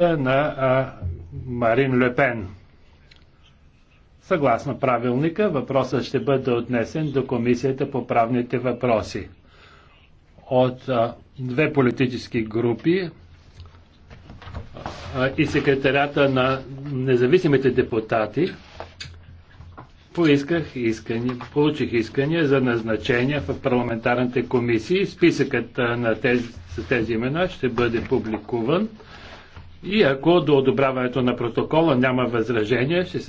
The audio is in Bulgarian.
Е, на а, Марин Лепен. Съгласно правилника, въпросът ще бъде отнесен до Комисията по правните въпроси. От а, две политически групи а, и секретарята на независимите депутати поисках искания, получих искания за назначения в парламентарните комисии. Списъкът на тези, тези имена ще бъде публикуван. И ако до одобряването на протокола няма възражение, ще се